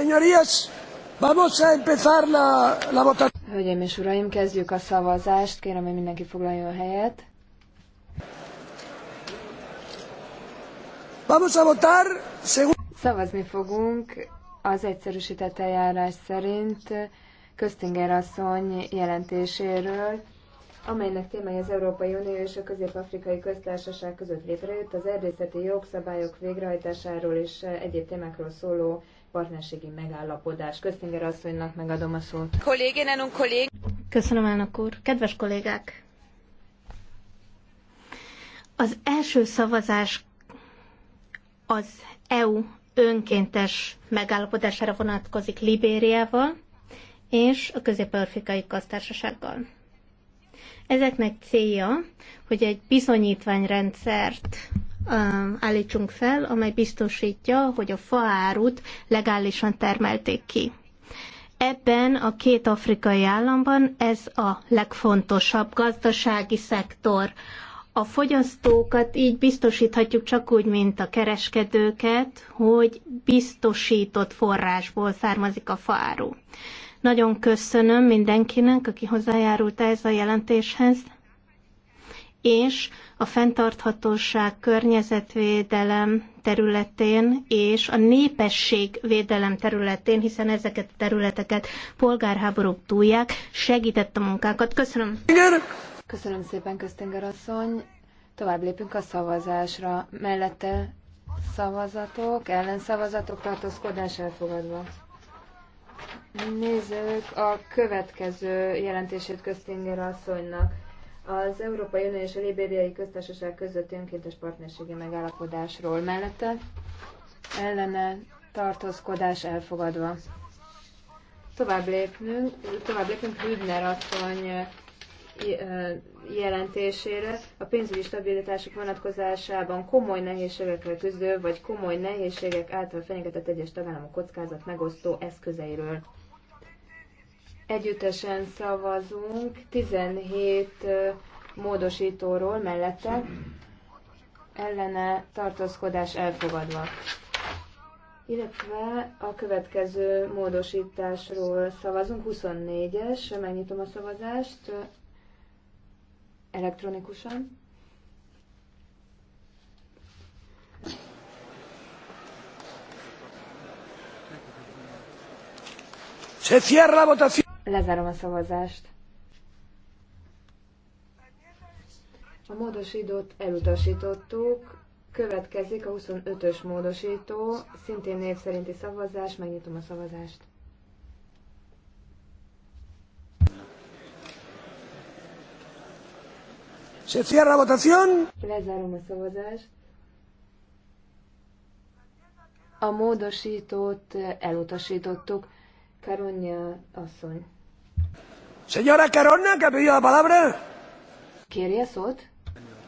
Señorías, vamos a empezar la, la votación. Hölgyeim és uraim, kezdjük a szavazást. Kérem, hogy mindenki foglaljon helyet. Vamos a votar Szavazni fogunk az egyszerűsített eljárás szerint Köztinger asszony jelentéséről, amelynek témája az Európai Unió és a Közép-Afrikai Köztársaság között létrejött az erdészeti jogszabályok végrehajtásáról és egyéb témákról szóló partnerségi megállapodás. Köszönjük, asszonynak megadom a szót. Kollégénen un kollég. Köszönöm, elnök úr. Kedves kollégák! Az első szavazás az EU önkéntes megállapodására vonatkozik Libériával és a Közép-Afrikai Köztársasággal. Ezeknek célja, hogy egy bizonyítványrendszert állítsunk fel, amely biztosítja, hogy a faárut legálisan termelték ki. Ebben a két afrikai államban ez a legfontosabb gazdasági szektor. A fogyasztókat így biztosíthatjuk csak úgy, mint a kereskedőket, hogy biztosított forrásból származik a faáru. Nagyon köszönöm mindenkinek, aki hozzájárult ehhez a jelentéshez és a fenntarthatóság, környezetvédelem területén és a védelem területén, hiszen ezeket a területeket polgárháborúk túlják, segített a munkánkat. Köszönöm. Köszönöm szépen, Köztinger asszony. Tovább lépünk a szavazásra. Mellette szavazatok, ellenszavazatok, tartózkodás elfogadva. Nézzük a következő jelentését Köztinger asszonynak az Európai Unió és a Libériai Köztársaság közötti önkéntes partnerségi megállapodásról mellette ellene tartózkodás elfogadva. Tovább lépnünk, tovább lépünk Hübner asszony jelentésére a pénzügyi stabilitások vonatkozásában komoly nehézségekre küzdő vagy komoly nehézségek által fenyegetett egyes tagállamok kockázat megosztó eszközeiről. Együttesen szavazunk 17 módosítóról mellette ellene tartózkodás elfogadva. Illetve a következő módosításról szavazunk, 24-es, megnyitom a szavazást elektronikusan. Se cierra la votación. Lezárom a szavazást. A módosítót elutasítottuk. Következik a 25-ös módosító, szintén név szerinti szavazás, megnyitom a szavazást. Se cierra votación. Lezárom a szavazást. A módosítót elutasítottuk. Caronia asszony. Señora Caronna, que pidió la palabra? Kéri a szót?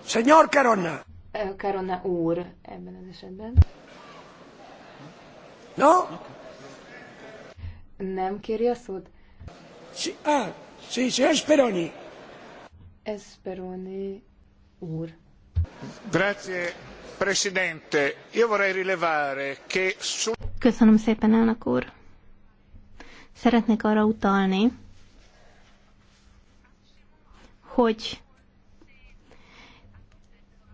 Señor Caronna. Caronna úr ebben az esetben. No? Nem kéri a szót? Si, ah, si, si, Esperoni. Esperoni úr. Grazie, Presidente. Io vorrei rilevare che su... Köszönöm szépen, elnök úr. Szeretnék arra utalni, hogy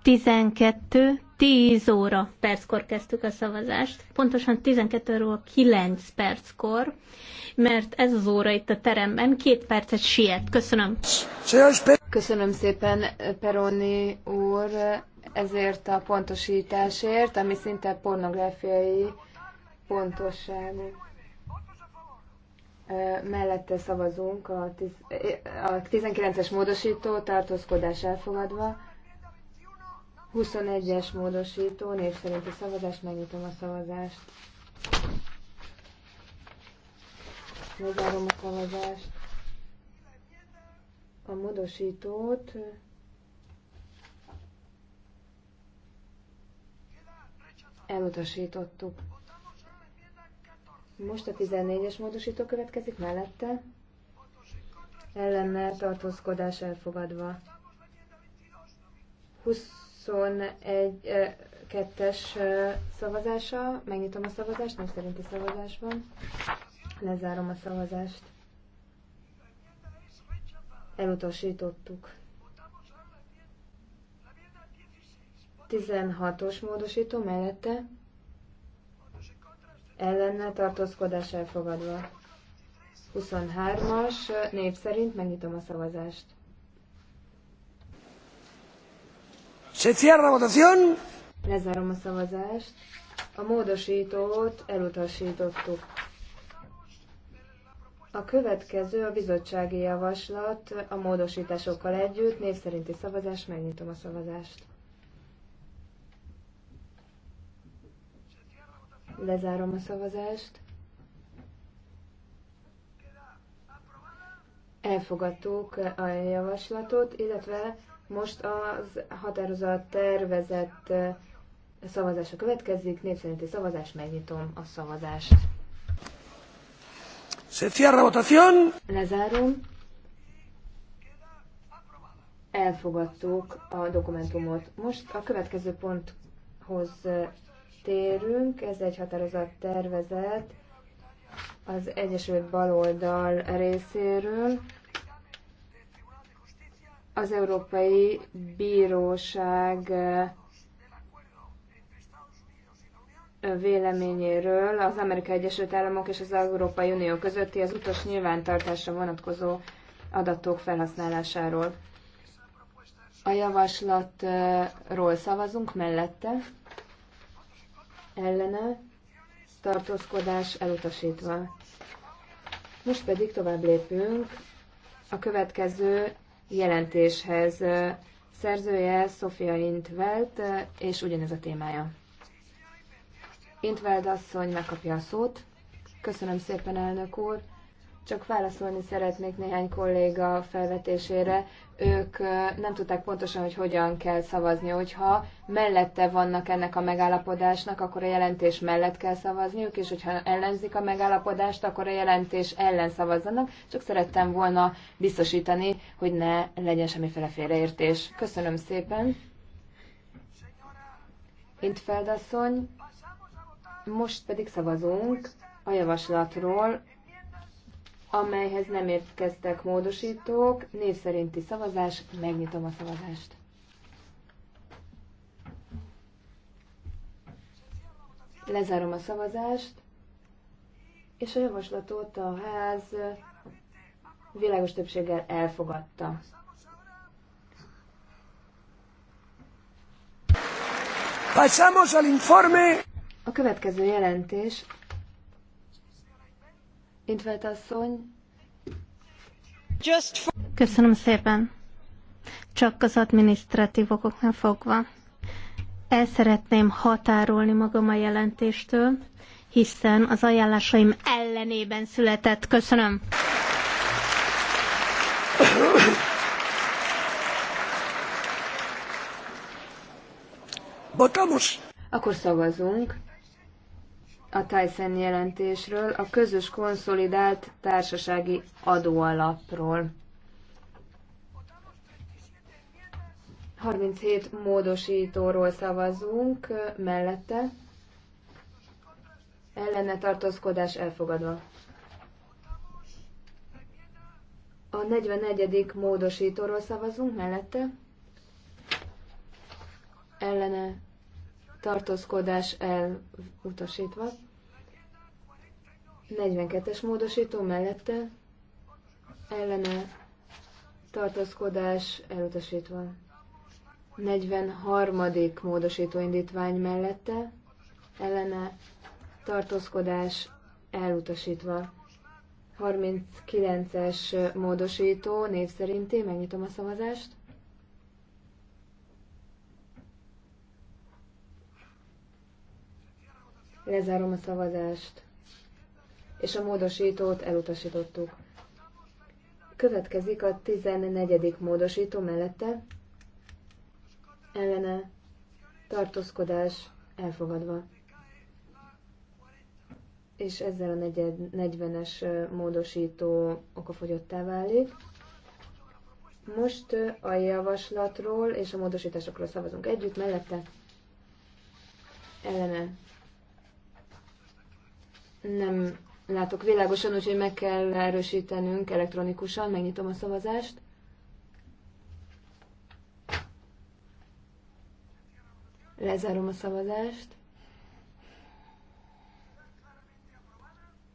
12 10 óra perckor kezdtük a szavazást, pontosan 12 óra 9 perckor, mert ez az óra itt a teremben két percet siet. Köszönöm. Köszönöm szépen, Peroni úr, ezért a pontosításért, ami szinte pornográfiai pontosságú mellette szavazunk a, tiz, a 19-es módosító tartózkodás elfogadva, 21-es módosító név szerinti szavazás, megnyitom a szavazást. Lezárom a szavazást. A módosítót elutasítottuk. Most a 14-es módosító következik mellette. Ellenne tartózkodás elfogadva. 21-2-es szavazása. Megnyitom a szavazást, nem szerinti van. Lezárom a szavazást. Elutasítottuk. 16-os módosító mellette ellenne tartózkodás elfogadva. 23-as név szerint megnyitom a szavazást. Se cierra la votación. Lezárom a szavazást. A módosítót elutasítottuk. A következő a bizottsági javaslat a módosításokkal együtt. Név szerinti szavazás, megnyitom a szavazást. Lezárom a szavazást. Elfogadtuk a javaslatot, illetve most az határozat tervezett szavazása következik. Népszerinti szavazás, megnyitom a szavazást. Se cierra votación. Lezárom. Elfogadtuk a dokumentumot. Most a következő ponthoz térünk. Ez egy határozat tervezet az Egyesült Baloldal részéről. Az Európai Bíróság véleményéről az Amerikai Egyesült Államok és az Európai Unió közötti az utas nyilvántartásra vonatkozó adatok felhasználásáról. A javaslatról szavazunk mellette ellene tartózkodás elutasítva. Most pedig tovább lépünk a következő jelentéshez. Szerzője Sofia Intveld és ugyanez a témája. Intveld asszony megkapja a szót. Köszönöm szépen, elnök úr. Csak válaszolni szeretnék néhány kolléga felvetésére. Ők nem tudták pontosan, hogy hogyan kell szavazni. Hogyha mellette vannak ennek a megállapodásnak, akkor a jelentés mellett kell szavazniuk, és hogyha ellenzik a megállapodást, akkor a jelentés ellen szavazzanak. Csak szerettem volna biztosítani, hogy ne legyen semmiféle félreértés. Köszönöm szépen. Intfeld feldasszony, most pedig szavazunk a javaslatról, amelyhez nem érkeztek módosítók. Név szerinti szavazás, megnyitom a szavazást. Lezárom a szavazást, és a javaslatot a ház világos többséggel elfogadta. Pasamos al informe. A következő jelentés asszony. Köszönöm szépen. Csak az adminisztratív okoknál fogva. El szeretném határolni magam a jelentéstől, hiszen az ajánlásaim ellenében született. Köszönöm. Akkor szavazunk a Tyson jelentésről, a közös konszolidált társasági adóalapról. 37 módosítóról szavazunk, mellette ellene tartózkodás elfogadva. A 44. módosítóról szavazunk, mellette ellene tartózkodás elutasítva. 42-es módosító mellette ellene tartózkodás elutasítva. 43. módosító indítvány mellette ellene tartózkodás elutasítva. 39-es módosító név szerinti, megnyitom a szavazást. Lezárom a szavazást, és a módosítót elutasítottuk. Következik a 14. módosító mellette, ellene tartózkodás elfogadva. És ezzel a 40-es módosító okafogyottá válik. Most a javaslatról és a módosításokról szavazunk együtt, mellette ellene nem látok világosan, úgyhogy meg kell erősítenünk elektronikusan. Megnyitom a szavazást. Lezárom a szavazást.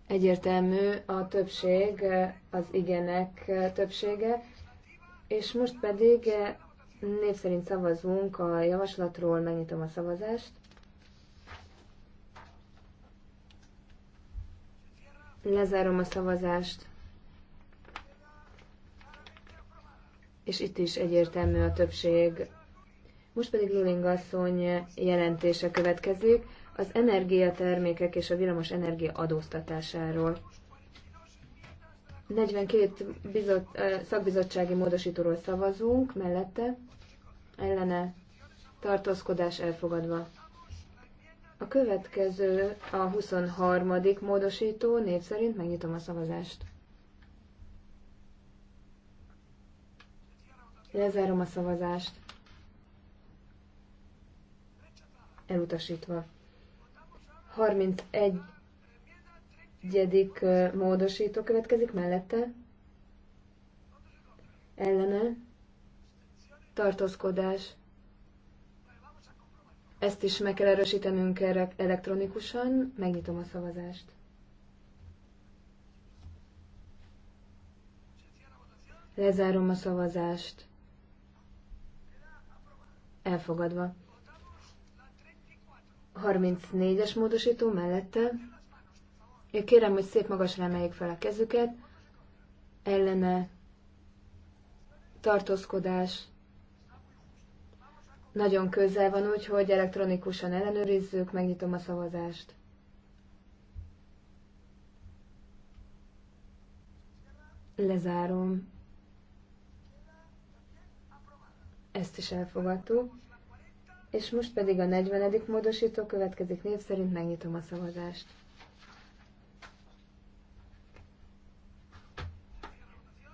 Egyértelmű a többség, az igenek többsége, és most pedig név szerint szavazunk a javaslatról, megnyitom a szavazást. Lezárom a szavazást. És itt is egyértelmű a többség. Most pedig Luling asszony jelentése következik az energiatermékek és a villamos energia adóztatásáról. 42 bizot, szakbizottsági módosítóról szavazunk, mellette ellene tartózkodás elfogadva. A következő a 23. módosító, név szerint megnyitom a szavazást. Lezárom a szavazást. Elutasítva. 31. módosító következik mellette. Ellene. Tartózkodás ezt is meg kell erősítenünk elektronikusan. Megnyitom a szavazást. Lezárom a szavazást. Elfogadva. 34-es módosító mellette. Én kérem, hogy szép magasra emeljék fel a kezüket. Ellene tartózkodás nagyon közel van, úgyhogy elektronikusan ellenőrizzük, megnyitom a szavazást. Lezárom. Ezt is elfogadtuk. És most pedig a 40. módosító következik név szerint, megnyitom a szavazást.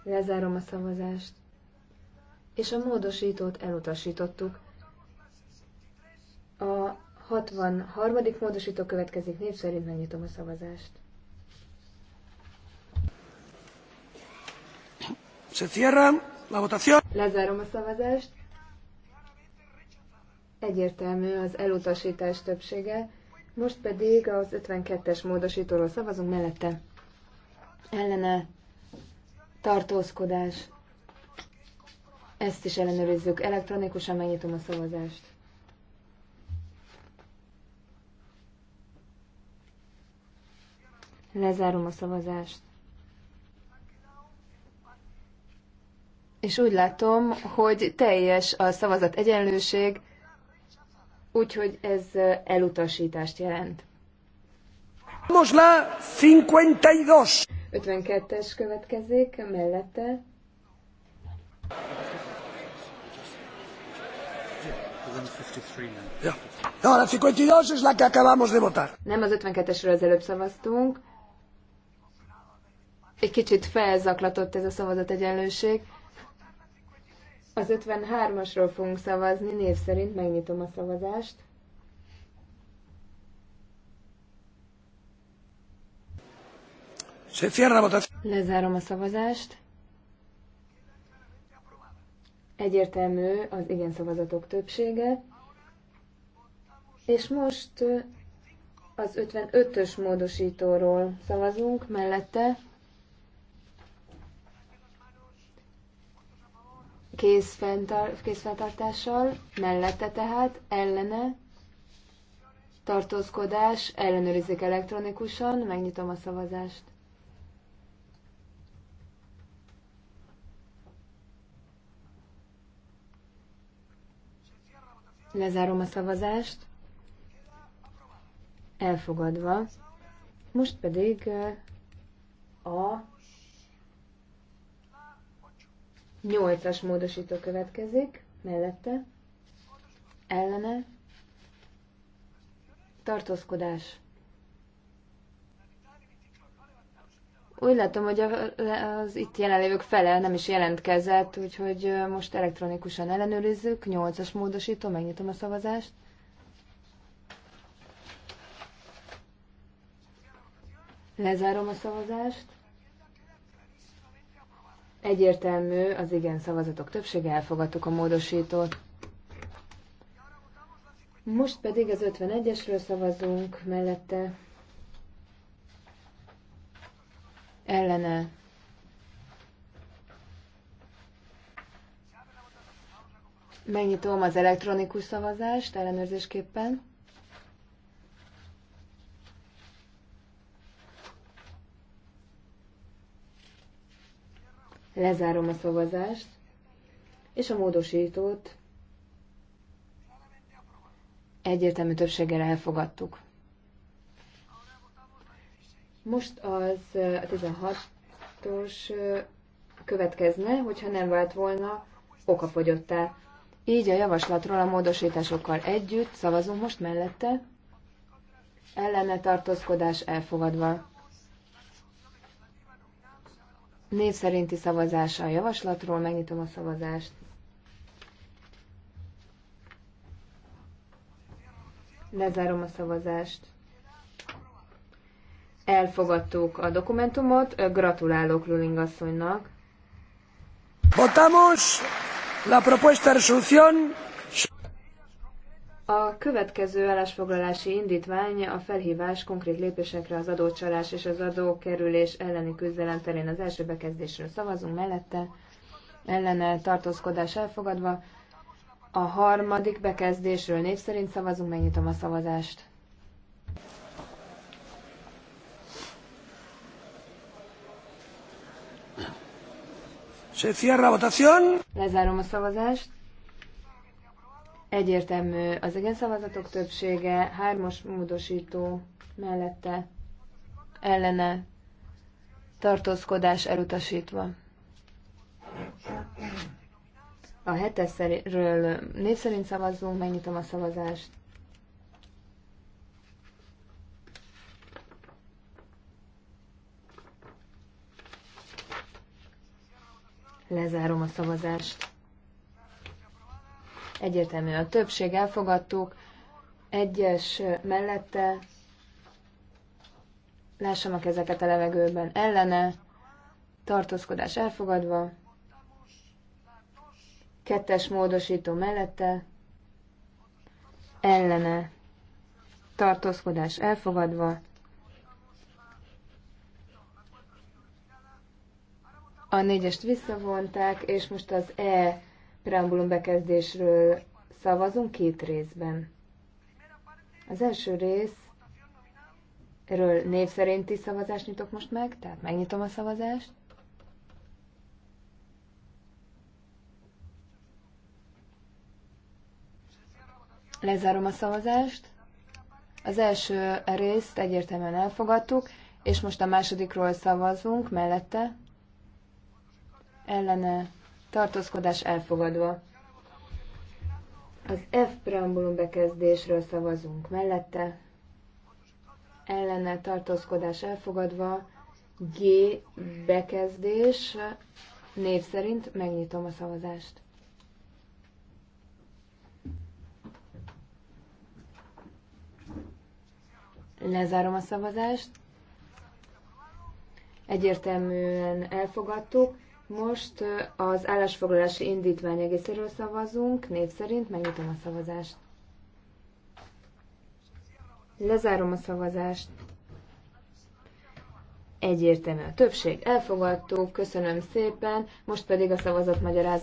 Lezárom a szavazást. És a módosítót elutasítottuk. A 63. módosító következik név szerint, megnyitom a szavazást. Se cierra la votación. Lezárom a szavazást. Egyértelmű az elutasítás többsége. Most pedig az 52-es módosítóról szavazunk mellette. Ellene tartózkodás. Ezt is ellenőrizzük. Elektronikusan megnyitom a szavazást. Lezárom a szavazást. És úgy látom, hogy teljes a szavazat egyenlőség, úgyhogy ez elutasítást jelent. 52. 52-es következik, mellette. 52 es la acabamos de votar. Nem az 52-esről az előbb szavaztunk egy kicsit felzaklatott ez a szavazategyenlőség. Az 53-asról fogunk szavazni, név szerint megnyitom a szavazást. Lezárom a szavazást. Egyértelmű az igen szavazatok többsége. És most az 55-ös módosítóról szavazunk mellette. készfentar, készfenntartással, mellette tehát, ellene, tartózkodás, ellenőrizik elektronikusan, megnyitom a szavazást. Lezárom a szavazást. Elfogadva. Most pedig a Nyolcas módosító következik, mellette, ellene, tartózkodás. Úgy látom, hogy az itt jelenlévők fele nem is jelentkezett, úgyhogy most elektronikusan ellenőrizzük. Nyolcas módosító, megnyitom a szavazást. Lezárom a szavazást. Egyértelmű, az igen szavazatok többsége elfogadtuk a módosítót. Most pedig az 51-esről szavazunk mellette. Ellene. Megnyitom az elektronikus szavazást ellenőrzésképpen. Lezárom a szavazást, és a módosítót egyértelmű többséggel elfogadtuk. Most az 16-os következne, hogyha nem vált volna okafogyottá. Így a javaslatról a módosításokkal együtt szavazunk most mellette, ellene tartózkodás elfogadva. Név szerinti szavazása a javaslatról, megnyitom a szavazást. Lezárom a szavazást. Elfogadtuk a dokumentumot, gratulálok Luling asszonynak. Votamos la propuesta de resolución a következő állásfoglalási indítvány a felhívás konkrét lépésekre az adócsalás és az adókerülés elleni küzdelem terén az első bekezdésről szavazunk mellette, ellene tartózkodás elfogadva. A harmadik bekezdésről név szerint szavazunk, megnyitom a szavazást. Se cierra votación. Lezárom a szavazást. Egyértelmű az igen szavazatok többsége, hármas módosító mellette ellene tartózkodás elutasítva. A hetesről név szerint szavazzunk, megnyitom a szavazást. Lezárom a szavazást. Egyértelmű a többség, elfogadtuk. Egyes mellette, lássam a kezeket a levegőben, ellene, tartózkodás elfogadva. Kettes módosító mellette, ellene, tartózkodás elfogadva. A négyest visszavonták, és most az E preambulum bekezdésről szavazunk két részben. Az első erről név szerinti szavazást nyitok most meg, tehát megnyitom a szavazást. Lezárom a szavazást. Az első részt egyértelműen elfogadtuk, és most a másodikról szavazunk mellette. Ellene tartózkodás elfogadva. Az F preambulum bekezdésről szavazunk mellette, ellene tartózkodás elfogadva, G bekezdés, név szerint megnyitom a szavazást. Lezárom a szavazást. Egyértelműen elfogadtuk. Most az állásfoglalási indítvány egészéről szavazunk, név szerint megnyitom a szavazást. Lezárom a szavazást. Egyértelmű a többség. Elfogadtuk, köszönöm szépen, most pedig a szavazat magyarázat.